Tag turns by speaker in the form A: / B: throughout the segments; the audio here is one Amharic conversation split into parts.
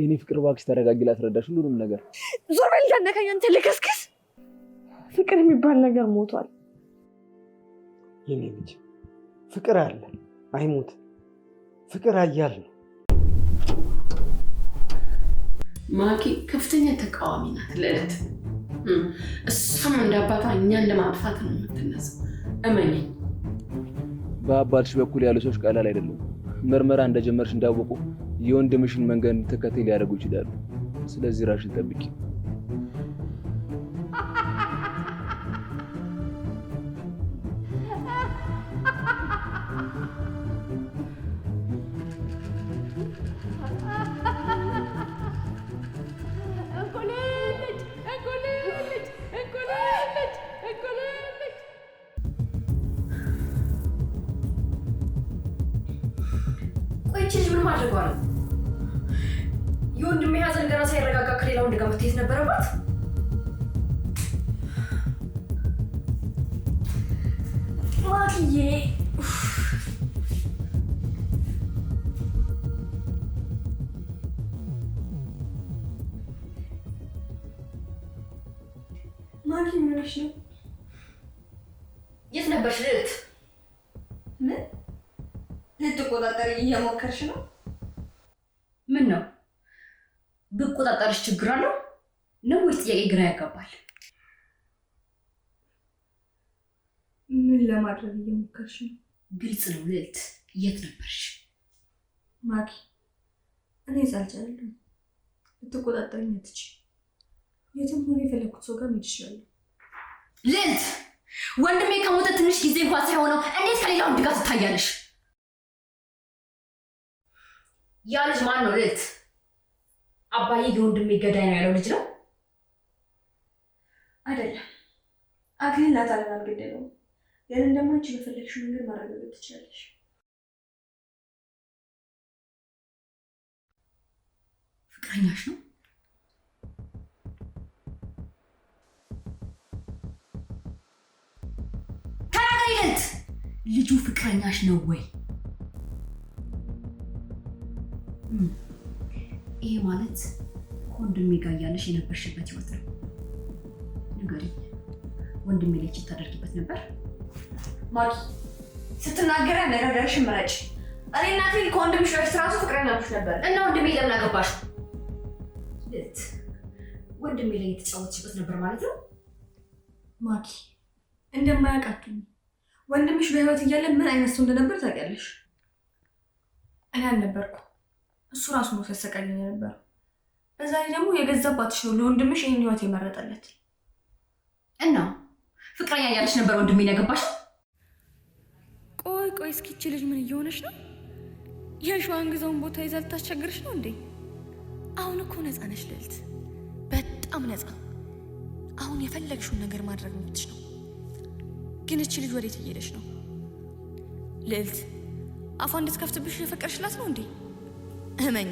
A: የኔ ፍቅር እባክሽ ተረጋጊ፣ ላስረዳሽ ሁሉንም ነገር።
B: ዞር በል እንዳነካኝ አንተ ልክስክስ። ፍቅር የሚባል ነገር ሞቷል።
A: የኔ ልጅ ፍቅር አለ አይሞት፣ ፍቅር አያል ነው።
B: ማኪ ከፍተኛ ተቃዋሚ ናት ለዕለት። እሷም አባቷ እኛን ለማጥፋት ነው የምትነሳው። እመኝ
A: በአባትሽ በኩል ያሉ ሰዎች ቀላል አይደለም። ምርመራ እንደጀመርሽ እንዳወቁ የወንድምሽን መንገድ እንድትከተይ ሊያደርጉ ይችላሉ። ስለዚህ ራሽን ጠብቂ።
B: ቆይ ምን ነው? የወንድሜ ሀዘን ገና ሳይረጋጋ ከሌላ ወንድ ጋር መታየት ነበረባት። ማክዬ ማኪ ነው? የት ነበርሽ? ልት ምን ልትቆጣጠሪ እየሞከርሽ ነው? መውጣትሽ ችግር አለው ነው ወይስ ጥያቄ ግራ ያጋባል? ምን ለማድረግ እየሞከርሽ ነው? ግልጽ ነው ልዕልት። የት ነበርሽ? ማኪ እኔ ዛልቻለሁ። ልትቆጣጠርኝ አትችይም። የትም ሆነ የፈለግኩት ሰው ጋር መሄድ እችላለሁ። ልዕልት ወንድሜ ከሞተ ትንሽ ጊዜ እንኳን ሳይሆነው እንዴት ከሌላ ወንድ ጋር ትታያለሽ? ያ ልጅ ማን ነው ልዕልት? አባዬ የወንድሜ ገዳይ ነው ያለው ልጅ ነው አይደለም። አግህን ላታለን አልገደለውም። ያንን እንደማንች የፈለግሽ መንገድ ማረጋገጥ ትችላለሽ። ፍቅረኛሽ ነው ተናገሪለት። ልጁ ፍቅረኛሽ ነው ወይ? ይሄ ማለት ከወንድሜ ጋር እያለሽ የነበርሽበት ህይወት ነው። ንገሪኝ፣ ወንድሜ ላይ ችት ታደርጊበት ነበር? ማኪ ስትናገሪ አነጋገርሽ ምረጭ። እኔ እናቴ ከወንድምሽ በፊት ራሱ ፍቅረኛ ናችሁ ነበር እና ወንድሜ ለምን አገባሽ? ለት ወንድሜ ላይ የተጫወትሽበት ነበር ማለት ነው። ማኪ እንደማያውቃችሁ ወንድምሽ በህይወት እያለ ምን አይነት ሰው እንደነበር ታውቂያለሽ? እኔ አልነበርኩ እሱ ራሱ ነው ሲያሰቃየኝ የነበረው። በዛ ላይ ደግሞ የገዛ አባትሽ ነው ለወንድምሽ ይህን ህይወት የመረጠለት እና ፍቅረኛ እያለች ነበር ወንድሜን ያገባሽ። ቆይ ቆይ፣ እስኪች ልጅ ምን እየሆነች ነው? የሸዋን ግዛውን ቦታ ይዛ ልታስቸግርሽ ነው እንዴ? አሁን እኮ ነፃ ነች ልዕልት፣ በጣም ነፃ። አሁን የፈለግሽውን ነገር ማድረግ መብትሽ ነው። ግን እች ልጅ ወዴት እየሄደች ነው ልልት አፏ እንድትከፍትብሽ የፈቀድሽላት ነው እንዴ? እመኝ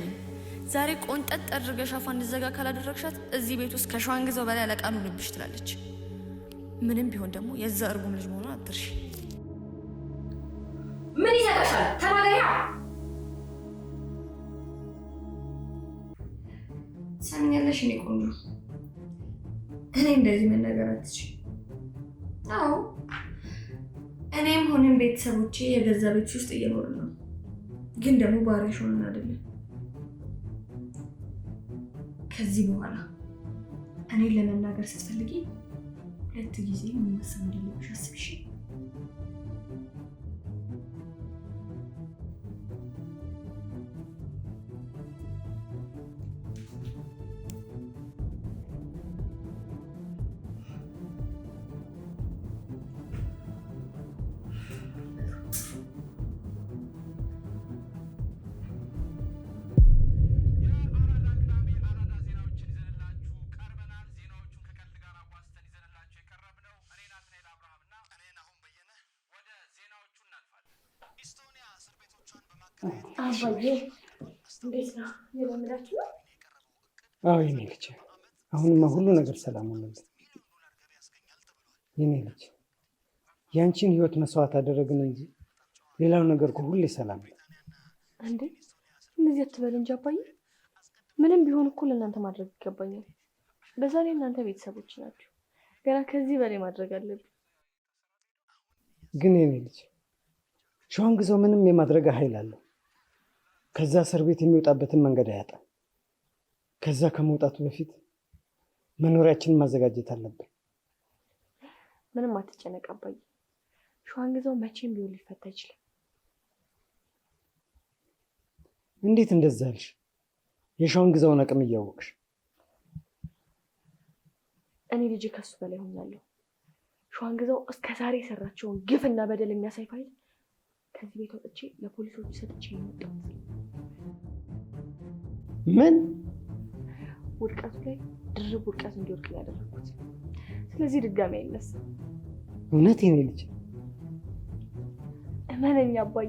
B: ዛሬ ቆንጠጥ አድርገ ሻፋ እንድዘጋ ካላደረግሻት እዚህ ቤት ውስጥ ከሸዋን ግዛው በላይ አለቃ ልብሽ ትላለች። ምንም ቢሆን ደግሞ የዛ እርጉም ልጅ መሆኗን አትርሽ። ምን ይሰራሻል? ተናገሪያ። ሰምኛለሽ? እኔ ቆንጆ፣ እኔ እንደዚህ መናገር አትችይም። አዎ እኔም ሆንም ቤተሰቦቼ የገዛ ቤት ውስጥ እየኖርን ነው፣ ግን ደግሞ ባህሪሽ ሆነን አይደለም ከዚህ በኋላ እኔን ለመናገር ስትፈልጊ ሁለት ጊዜ የሚመሰል እንደሌለሽ አስብሽ። የኔ
A: ልጅ አሁንማ ሁሉ ነገር ሰላም ሆነልኝ። የኔ ልጅ ያንቺን ህይወት መስዋዕት አደረግን እንጂ ሌላው ነገር እኮ ሁሌ ሰላም ነው።
B: እንዴ እንደዚህ አትበል እንጂ አባዬ፣ ምንም ቢሆን እኮ ለእናንተ ማድረግ ይገባኛል። በዛ ላይ እናንተ ቤተሰቦች ናቸው። ገና ከዚህ በላይ ማድረግ አለብን።
A: ግን የኔ ልጅ ሸዋን ግዘው ምንም የማድረግ ኃይል አለው ከዛ እስር ቤት የሚወጣበትን መንገድ አያጣም። ከዛ ከመውጣቱ በፊት መኖሪያችንን ማዘጋጀት አለብን።
B: ምንም አትጨነቅ አባዬ። ሸዋን ግዛው መቼም ቢሆን ሊፈታ ይችላል።
A: እንዴት እንደዛ አልሽ? የሸዋን ግዛውን አቅም እያወቅሽ
B: እኔ ልጅ ከሱ በላይ ሆኛለሁ። ሸዋን ግዛው እስከ ዛሬ የሰራቸውን ግፍና በደል የሚያሳይ ፋይል ከዚህ ቤት ወጥቼ ለፖሊሶች ሰጥቼ የመጣሁት ምን ውድቀቱ ላይ ድርብ ውድቀት እንዲወድቅ ያደረኩት። ስለዚህ ድጋሚ አይነሳም።
A: እውነት የኔ ልጅ
B: እመነኝ አባዬ።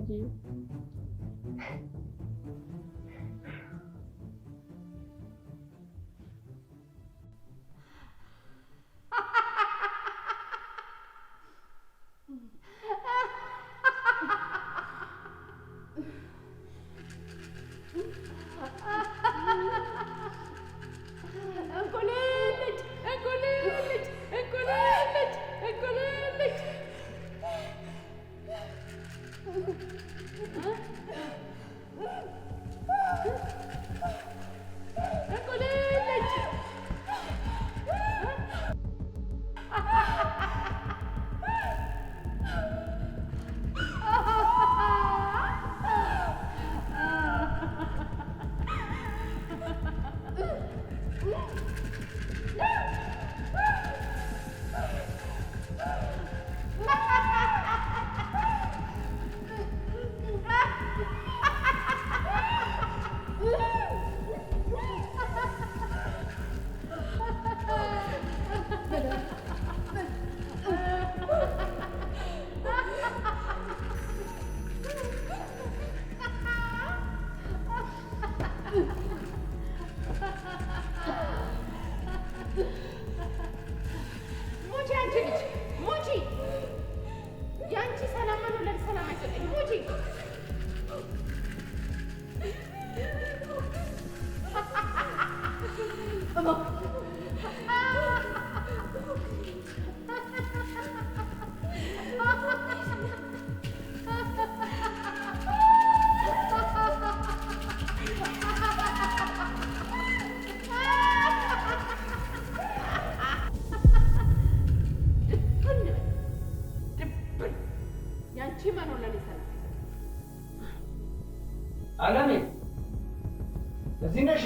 B: አንቺ መኖር
A: ለኔ እዚህ ነሽ።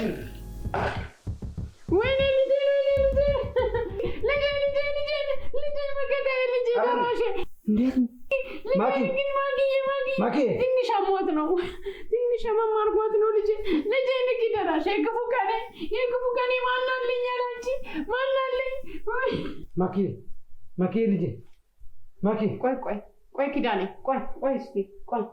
B: ወይኔ ልጄ ልጄ ልጄ ልጄ ልጄ መገዳዬ ልጄ ደራሽ እንዴት ማግኝ ማግኝ ማግኝ ትንሽ አሟት ነው ትንሽ መማርጓት ነው ልጄ ልጄ ንኪ ደራሽ የክፉ ቀኔ የክፉ ቀኔ ማናልኝ ያላንቺ ማናልኝ
A: ማኪ ማኪ ልጄ ማኪ
B: ቆይ ቆይ Oye, Kidani, kwani, oye, Steve, kwani.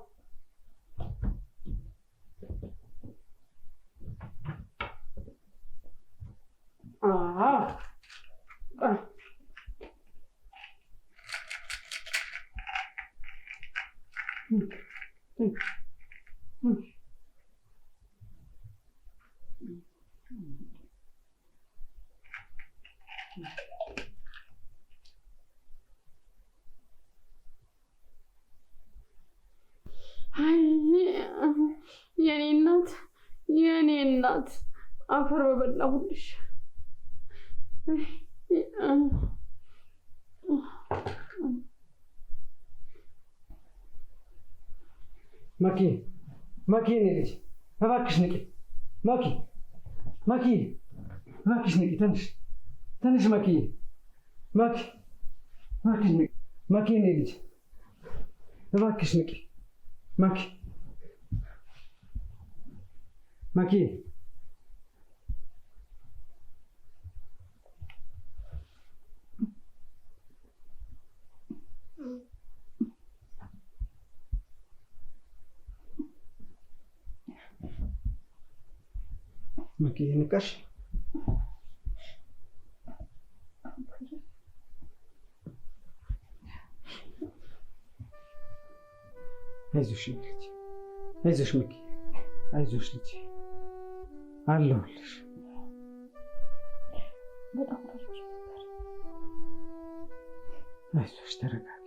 B: Aha. Kwani. Hmm. Hmm. Hmm. Hmm. አፈር በበላ ሁልሽ
A: መኪ መኪ ልጅ እባክሽ ንቂ። መኪ መኪ እባክሽ ንቂ። ትንሽ ትንሽ መኪ መኪ እባክሽ ንቂ። መኪ ልጅ እባክሽ ንቂ። መኪ መኪ መኪንቀሽ አይዞሽ ልጅ አይዞሽ መኪ አይዞሽ ልጅ አለሁልሽ። አይዞሽ ተረጋጊ።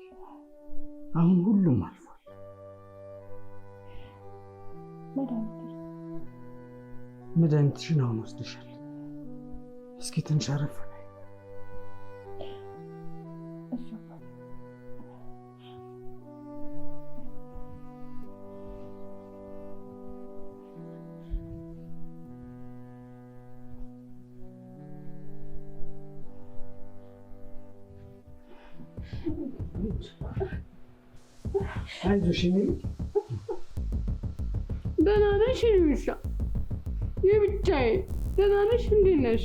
A: አሁን ሁሉም አልፏል። መድኃኒትሽን አሁን ወስድሻል። እስኪ ትንሽ አረፍ በይ። አይዞሽ የሚሉኝ
B: የብቻዬ። ደህና ነሽ? እንዴት ነሽ?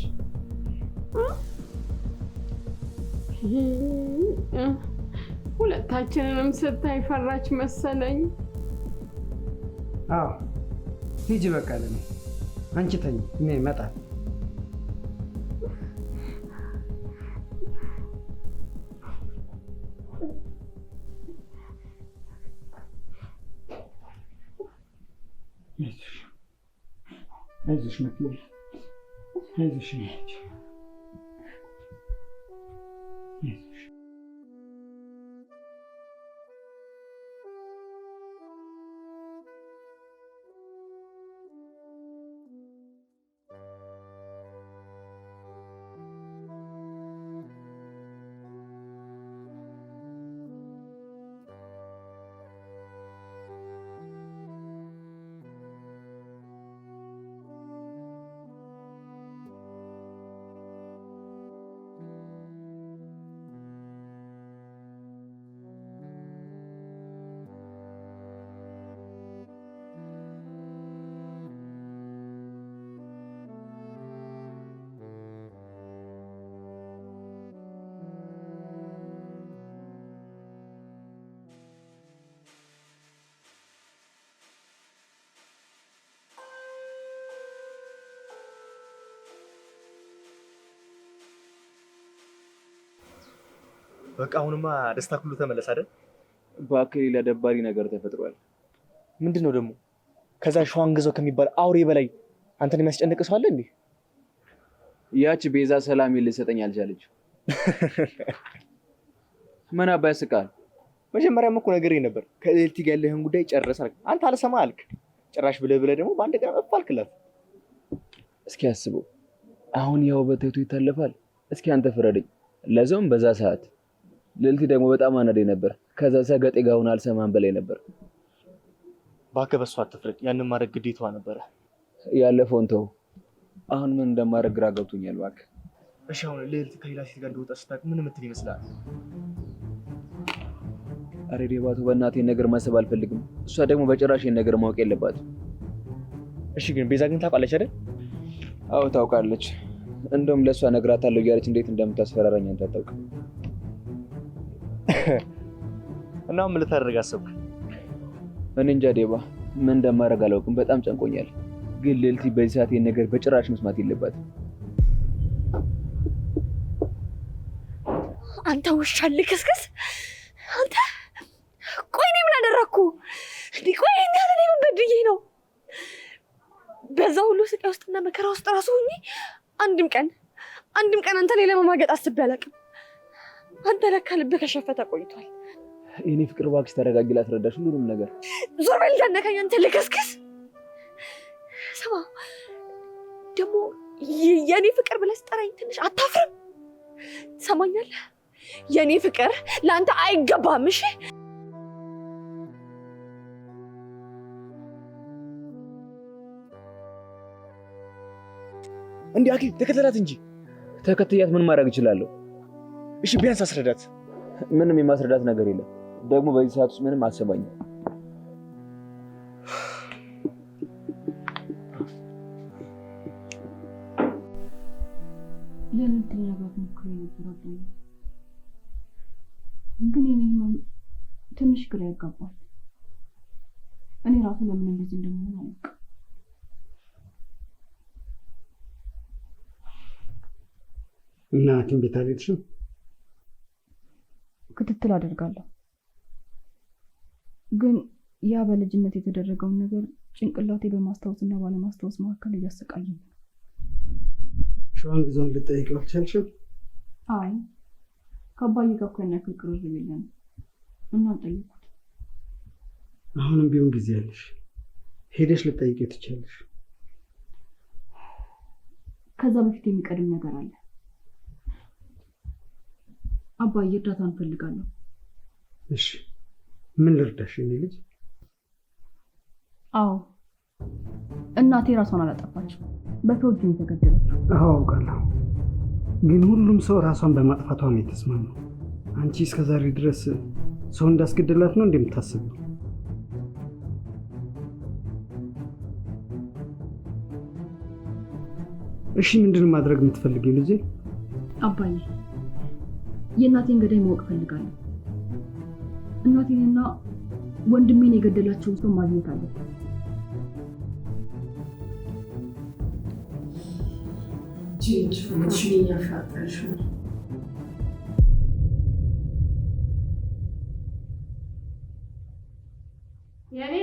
B: ሁለታችንንም ስታይ ፈራች መሰለኝ።
A: አዎ ሂጂ፣ በቃ ለኔ አንቺ ተኝ፣ እኔ እመጣለሁ። 80 метрів. Хай зашивають. በቃ አሁንማ ደስታ ሁሉ ተመለስ አይደል? እባክህ ሌላ ደባሪ ነገር ተፈጥሯል። ምንድን ነው ደግሞ? ከዛ ሸዋን ከሚባል አውሬ በላይ አንተን የሚያስጨንቅ ሰው አለ እንዴ? ያች ቤዛ ሰላም ልትሰጠኝ አልቻለች። ምን አባ ያስቃል? መጀመሪያም እኮ ነገር ነበር ከልቲ ጋር ያለህን ጉዳይ ጨረስ አልክ። አንተ አልሰማ አልክ። ጭራሽ ብለህ ብለህ ደግሞ በአንድ ቀን እፍ አልክላት። እስኪ አስበው አሁን ያው በተቱ ይታለፋል። እስኪ አንተ ፍረደኝ፣ ለዛውም በዛ ሰዓት ልዕልቲ ደግሞ በጣም አናደኝ ነበር። ከዛ ሰገጤ ጋር ሆና አልሰማን በላይ ነበር። እባክህ በሷ አትፍረድ። ያንን ማድረግ ግዴታዋ ነበረ። ያለፈውን ተው። አሁን ምን እንደማድረግ ግራ ገብቶኛል። እባክህ እሺ። አሁን ልዕልት ከሌላ ሴት ጋር እንደወጣ ስታውቅ ምን ምትል ይመስላል? አሬ ዴባቶ፣ በእናቴ ነገር ማሰብ አልፈልግም። እሷ ደግሞ በጭራሽ ነገር ማወቅ የለባትም። እሺ፣ ግን ቤዛ ግን ታውቃለች አይደል? አዎ ታውቃለች። እንደውም ለእሷ ነግራታለሁ እያለች እንዴት እንደምታስፈራራኝ አንተ አታውቅም። እና ምን ልታደርግ አሰብክ? እኔ እንጃ ዴባ፣ ምን እንደማደርግ አላውቅም። በጣም ጨንቆኛል። ግን ሉሊት በዚህ ሰዓት ይህን ነገር በጭራሽ መስማት የለባትም። አንተ ውሻ ልክስክስ! አንተ ቆይ፣ እኔ ምን አደረግኩ? እንዲህ ቆይ፣ እንዲህ ያለ እኔ ምን በድዬ ነው? በዛ ሁሉ ስቃይ ውስጥና መከራ ውስጥ ራሱ ሁኜ አንድም ቀን አንድም ቀን አንተ ላይ ለመማገጥ አስቤ አላውቅም። አንተ ለካ ልብ ከሸፈተ ቆይቷል። የኔ ፍቅር እባክሽ ተረጋጊ፣ ላስረዳሽ ሁሉንም ነገር። ዞር በል እንዳነካኝ አንተ ልክስክስ። ስማ ደግሞ የኔ ፍቅር ብለህ ስጠራኝ ትንሽ አታፍርም? ትሰማኛለህ? የኔ ፍቅር ለአንተ አይገባም። እሺ እንዲህ አኪ ተከተላት እንጂ። ተከትያት ምን ማድረግ እችላለሁ? እሺ ቢያንስ አስረዳት። ምንም የማስረዳት ነገር የለም። ደግሞ በዚህ ሰዓት ውስጥ ምንም አትሰማኝም። ግን የኔ ህመም ትንሽ ግራ ያጋባል። እኔ ራሱ ለምን እንደዚህ እንደምሆን አላውቅም። እና ሐኪም ቤት አልሄድሽም? ክትትል አደርጋለሁ። ግን ያ በልጅነት የተደረገውን ነገር ጭንቅላቴ በማስታወስና ባለማስታወስ መካከል እያሰቃየኝ ነው። ሸዋን ጊዜውን ልጠይቀው አልቻልሽም? አይ ከአባዬ ጋር እኮ ያክል ቅርርብ እና አልጠየኩት። አሁንም ቢሆን ጊዜ ያለሽ ሄደሽ ልጠይቀው ትችላለሽ። ከዛ በፊት የሚቀድም ነገር አለ። አባዬ እርዳታ እንፈልጋለሁ። እሺ ምን ልርዳሽ? የኔ ልጅ አዎ እናቴ ራሷን አላጠፋችም፣ በተወጅ የተገደለችው። አዎ አውቃለሁ፣ ግን ሁሉም ሰው ራሷን በማጥፋቷ ነው የተስማማው። አንቺ እስከዛሬ ድረስ ሰው እንዳስገደላት ነው እንደምታስበው? እሺ ምንድን ማድረግ የምትፈልጊው ልጄ? አባዬ የእናቴን ገዳይ ማወቅ ፈልጋለሁ። እናቴንና ወንድሜን የገደላቸውን ሰው ማግኘት አለብን። ምን ሆነሽ ነው? የኔ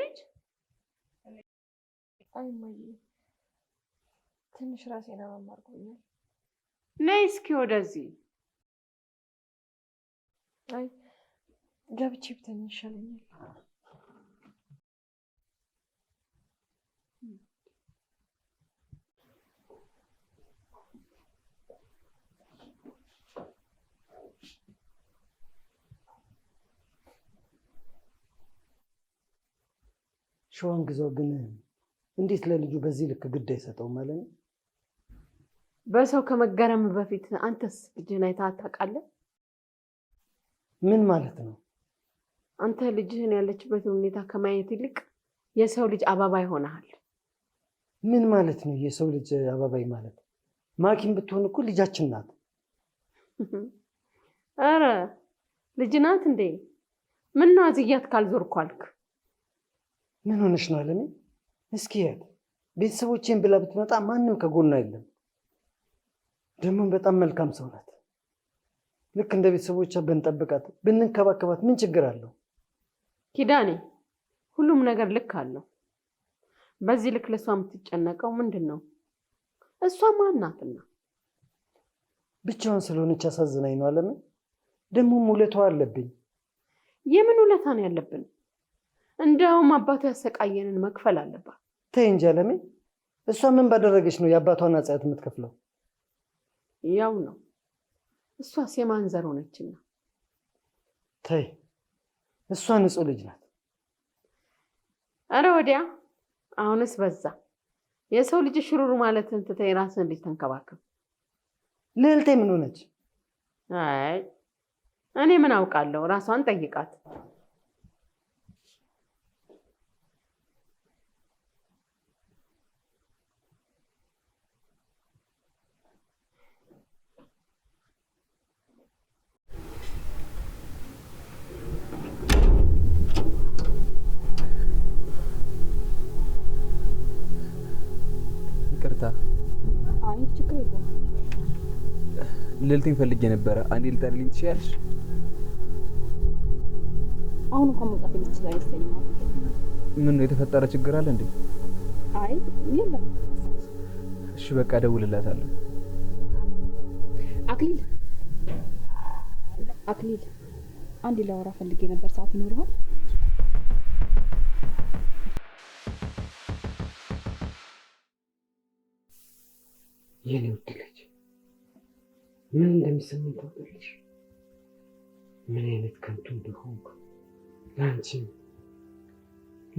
A: ልጅ አይ እማዬ ትንሽ ራሴን አመም አድርጎኛል። ነይ እስኪ ወደዚህ። አይ ገብቼ ብተኛ ይሻለኛል። ሸዋን ግዛው ግን እንዴት ለልጁ በዚህ ልክ ግድ አይሰጠውም ማለት ነው? በሰው ከመገረም በፊት አንተስ ልጅህን አይተህ አታውቃለህ? ምን ማለት ነው? አንተ ልጅህን ያለችበትን ሁኔታ ከማየት ይልቅ የሰው ልጅ አባባ ይሆናል። ምን ማለት ነው የሰው ልጅ አባባይ ማለት? ማኪም ብትሆን እኮ ልጃችን ናት። አረ ልጅ ናት እንዴ? ነው አዝያት ካልዞርኩ አልክ? ምን ሆነሽ ነው አለሜ? እስኪ ቤተሰቦቼን ብላ ብትመጣ ማንም ከጎኗ የለም። ደግሞም በጣም መልካም ሰው ናት። ልክ እንደ ቤተሰቦቿ ብንጠብቃት ብንንከባከባት ምን ችግር አለው? ኪዳኔ፣ ሁሉም ነገር ልክ አለው። በዚህ ልክ ለእሷ የምትጨነቀው ምንድን ነው? እሷ ማን ናትና ብቻዋን ስለሆነች አሳዝናኝ ነው። አለምን ደግሞ ውለቷ አለብኝ። የምን ውለታ ነው ያለብን? እንደውም አባቷ ያሰቃየንን መክፈል አለባት። ተይ እንጂ አለሜ፣ እሷ ምን ባደረገች ነው የአባቷን አጽያት የምትከፍለው? ያው ነው፣ እሷስ የማን ዘር ሆነችና። ተይ፣ እሷ ንጹሕ ልጅ ናት። አረ ወዲያ፣ አሁንስ በዛ። የሰው ልጅ ሽሩሩ ማለትን ትተይ ራስን ልጅ ተንከባከብ። ልዕልቴ ምን ሆነች? አይ እኔ ምን አውቃለሁ፣ ራሷን ጠይቃት። ልልትኝ ፈልጌ ነበረ። አንዴ ልጠሪልኝ ትችያለሽ? አሁን እንኳን መውጣት የምትችል አይመስለኝም። ምን የተፈጠረ ችግር አለ እንዴ? አይ የለም። እሺ በቃ እደውልላታለሁ። አክሊል አክሊል፣ አንዴ ላወራ ፈልጌ ነበር። ሰዓት ይኖረዋል? የኔ ውድ ምን እንደሚሰማኝ ታውቂያለሽ? ምን አይነት ከንቱ እንደሆንኩ ለአንቺም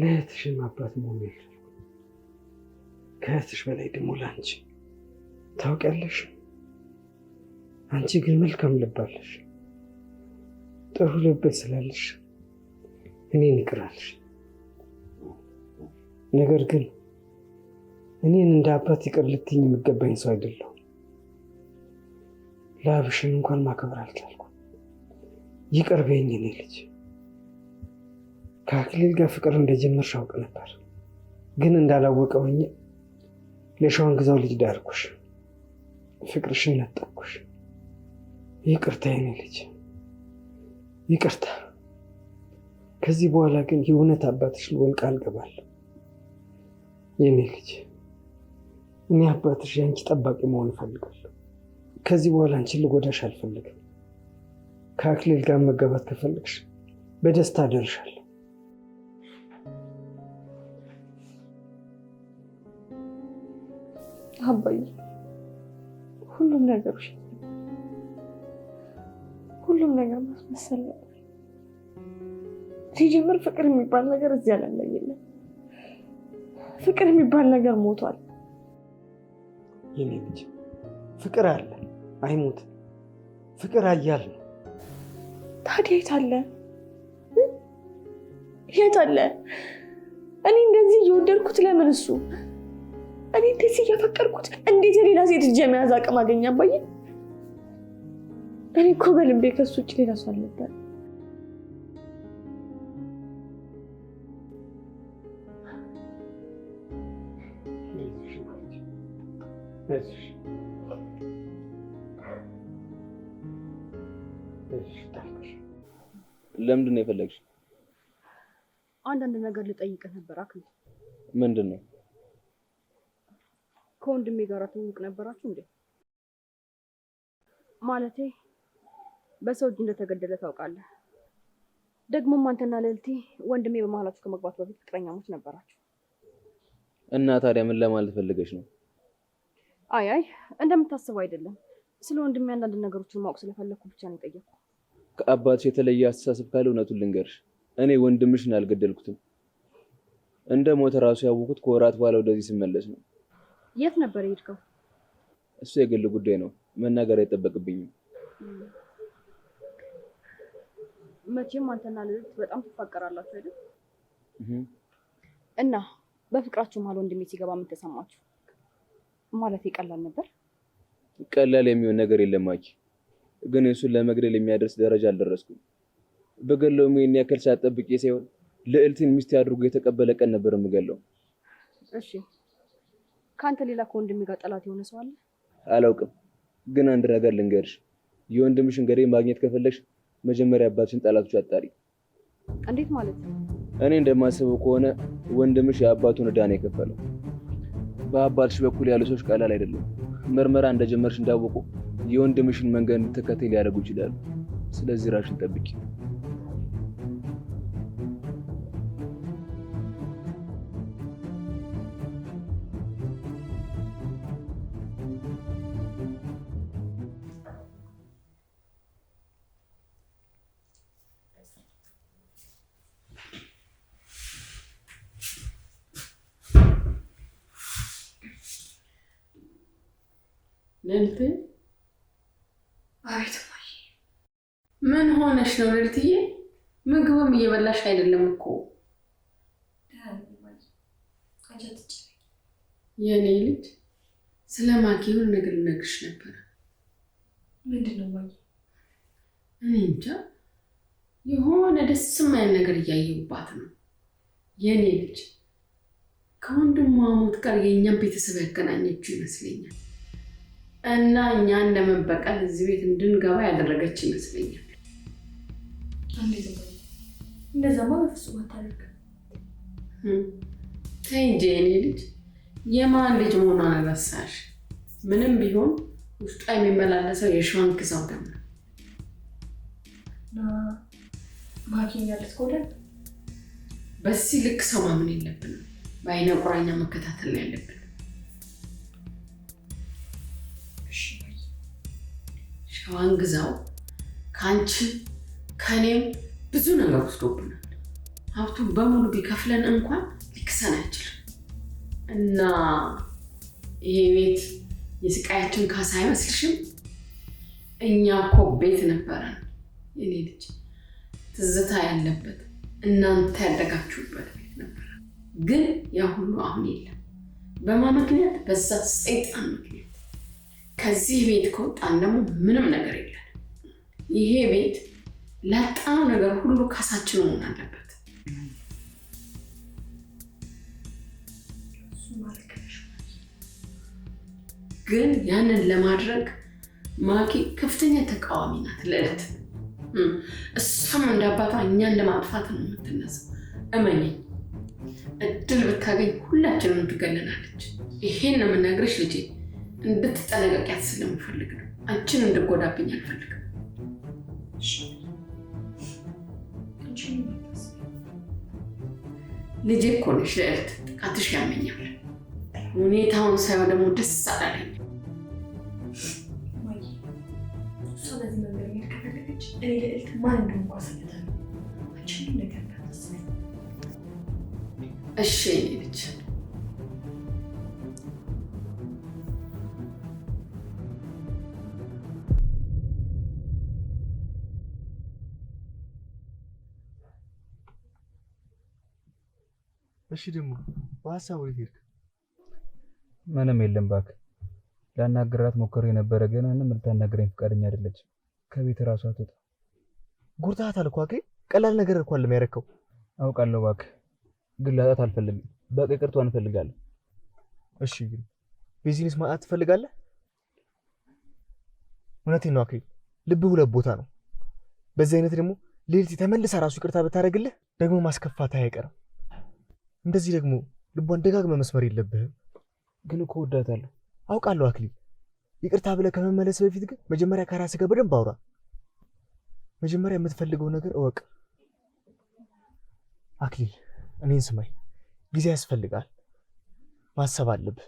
A: ለእህትሽም አባት መሆን ያልቻልኩ ከእህትሽ በላይ ደግሞ ለአንቺ ታውቂያለሽ። አንቺ ግን መልካም ልባለሽ፣ ጥሩ ልብ ስላለሽ እኔን ይቅራልሽ። ነገር ግን እኔን እንደ አባት ይቅር ልትይኝ የሚገባኝ ሰው አይደለሁም። ላብሽን እንኳን ማክበር አልቻልኩ። ይቅር በይኝ እኔ ልጅ። ከአክሊል ጋር ፍቅር እንደጀመርሽ አውቅ ነበር፣ ግን እንዳላወቀውኝ ለሸዋን ግዛው ልጅ ዳርኩሽ፣ ፍቅርሽን ነጠቅኩሽ። ይቅርታ የኔ ልጅ ይቅርታ። ከዚህ በኋላ ግን የእውነት አባትሽ ልሆን ቃል ገባል። የኔ ልጅ እኔ አባትሽ የአንቺ ጠባቂ መሆን እፈልጋለሁ። ከዚህ በኋላ አንቺን ልጎዳሽ አልፈልግም። ከአክሊል ጋር መገባት ከፈለግሽ በደስታ ደርሻል። አባዬ ሁሉም ነገር ሁሉም ነገር ማስመሰል ነው። ሲጀምር ፍቅር የሚባል ነገር እዚህ ዓለም ላይ የለም። ፍቅር የሚባል ነገር ሞቷል። የኔ ልጅ ፍቅር አለ አይሞት ፍቅር አያል ነው። ታዲያ የት አለ? የት አለ? እኔ እንደዚህ እየወደድኩት ለምን እሱ? እኔ እንደዚህ እያፈቀርኩት እንዴት የሌላ ሴት እጅ የመያዝ አቅም አገኘ? አባዬ እኔ እኮ በልቤ ከሱ ውጭ ሌላ ሰው አልነበረ። እሺ ለምንድን ነው የፈለግሽ? አንዳንድ ነገር ልጠይቅህ ነበር አክሊል። ምንድን ነው? ከወንድሜ ጋር ትውውቅ ነበራችሁ እንዴ? ማለቴ በሰው እጅ እንደተገደለ ታውቃለህ። ደግሞም አንተና ለልቲ ወንድሜ በመሀላችሁ ከመግባቱ በፊት ፍቅረኛሞች ነበራችሁ። እና ታዲያ ምን ለማለት ፈልገሽ ነው? አይ አይ እንደምታስበው አይደለም። ስለ ወንድሜ አንዳንድ ነገሮችን ማወቅ ስለፈለግኩ ብቻ ነው የጠየቅኩ። ከአባትሽ የተለየ አስተሳሰብ ካለ እውነቱን ልንገርሽ፣ እኔ ወንድምሽን አልገደልኩትም። እንደ ሞተ ራሱ ያወኩት ከወራት በኋላ ወደዚህ ስመለስ ነው። የት ነበር የሄድከው? እሱ የግል ጉዳይ ነው፣ መናገር አይጠበቅብኝም። መቼም አንተና ልዕልት በጣም ትፋቀራላችሁ አይደል? እና በፍቅራችሁ መሀል ወንድሜ ሲገባ ምን ተሰማችሁ? ማለት ቀላል ነበር? ቀላል የሚሆን ነገር የለም አኪ ግን እሱን ለመግደል የሚያደርስ ደረጃ አልደረስኩም። በገለው ይህን ያክል ሳጠብቄ ሳይሆን ልዕልትን ሚስት አድርጎ የተቀበለ ቀን ነበር የምገለው። እሺ፣ ከአንተ ሌላ ከወንድሜ ጋር ጠላት የሆነ ሰው አለ? አላውቅም፣ ግን አንድ ነገር ልንገርሽ። የወንድምሽን ገዳይ ማግኘት ከፈለግሽ መጀመሪያ አባትሽን ጠላቶች አጣሪ። እንዴት ማለት ነው? እኔ እንደማስበው ከሆነ ወንድምሽ የአባቱን ዕዳ ነው የከፈለው። በአባትሽ በኩል ያሉ ሰዎች ቀላል አይደለም። ምርመራ እንደጀመርሽ እንዳወቁ የወንድምሽን መንገድ እንድትከተይ ሊያደርጉ ይችላሉ። ስለዚህ ራሽን ጠብቂ። ነው ልልትዬ? ምግብም እየበላሽ አይደለም እኮ የኔ ልጅ። ስለ ማኪ ሁሉ ነገር ልነግርሽ ነበረ። ምንድን ነው እኔ እንጃ፣ የሆነ ደስ የማይል ነገር እያየሁባት ነው የኔ ልጅ። ከወንድሟ ሞት ጋር የእኛም ቤተሰብ ያገናኘችው ይመስለኛል እና እኛን ለመበቀል እዚህ ቤት እንድንገባ ያደረገች ይመስለኛል። እንደዛማ በፍጹም አታደርግ። ተይ እንጂ የኔ ልጅ፣ የማን ልጅ መሆኗን አረሳሽ? ምንም ቢሆን ውስጧ የሚመላለሰው የሸዋን ግዛው ደም ነው። ማኪኝ በዚህ ልክ ሰው ማመን የለብንም። በአይነ ቁራኛ መከታተል ነው ያለብን። ሸዋን ግዛው ከአንቺ ከእኔም ብዙ ነገር ወስዶብናል። ሀብቱን በሙሉ ቢከፍለን እንኳን ሊክሰን አይችልም እና ይሄ ቤት የስቃያችን ካሳ አይመስልሽም? እኛ እኮ ቤት ነበረን። የኔ ልጅ ትዝታ ያለበት እናንተ ያደጋችሁበት ቤት ነበረ። ግን ያ ሁሉ አሁን የለም። በማ ምክንያት? በዛ ሰይጣን ምክንያት። ከዚህ ቤት ከወጣን ደግሞ ምንም ነገር የለን። ይሄ ቤት ላጣነው ነገር ሁሉ ካሳችን መሆን አለበት። ግን ያንን ለማድረግ ማኪ ከፍተኛ ተቃዋሚ ናት። ልዕለት እሷም እንዳባቷ እኛን ለማጥፋት ነው የምትነሳው። እመኝኝ፣ እድል ብታገኝ ሁላችንም ትገለናለች። ይሄን ነው የምናግርሽ ልጄ። እንድትጠነቀቂያት ስለምፈልግ ነው። አንቺን እንድጎዳብኝ አልፈልግም። አንቺን ልጄ እኮ ነሽ ልዕልት፣ ጥቃትሽ ያመኛል። ሁኔታውን ሳይሆን ደግሞ ደስ አላለኝ። እሷ በዚህ መንገድ መሄድ ከፈለገች እኔ ልዕልት ማን እንደሆንኩ አሳይታለሁ። አንቺ ነገር እሺ ልጅ እሺ ደግሞ በሀሳብ ወዴት ሄድክ? ምንም የለም እባክህ። ላናግራት ሞክሬ የነበረ ግን ምንም ልታናግረኝ ፈቃደኛ አይደለች ከቤት እራሷ አትወጣም። ጉርታታል እኮ አኬ፣ ቀላል ነገር እኮ አለም ያደረከው። አውቃለሁ እባክህ፣ ግን ላጣት አልፈልግም። በቃ ይቅርቷን እፈልጋለሁ። እሺ ግን ቢዝነስ ማጣት ትፈልጋለህ? እውነቴን ነው አኬ፣ ልብ ሁለት ቦታ ነው። በዚህ አይነት ደግሞ ሌሊት ተመልሳ ራሱ ይቅርታ ብታደርግልህ ደግሞ ማስከፋት አይቀርም። እንደዚህ ደግሞ ልቧን ደጋግመ መስመር የለብህም። ግን እኮ ወዳታለሁ አውቃለሁ። አክሊል ይቅርታ ብለህ ከመመለስ በፊት ግን መጀመሪያ ከራስህ ጋር በደንብ አውራ። መጀመሪያ የምትፈልገው ነገር እወቅ። አክሊል እኔን ስማኝ፣ ጊዜ ያስፈልጋል፣ ማሰብ አለብህ።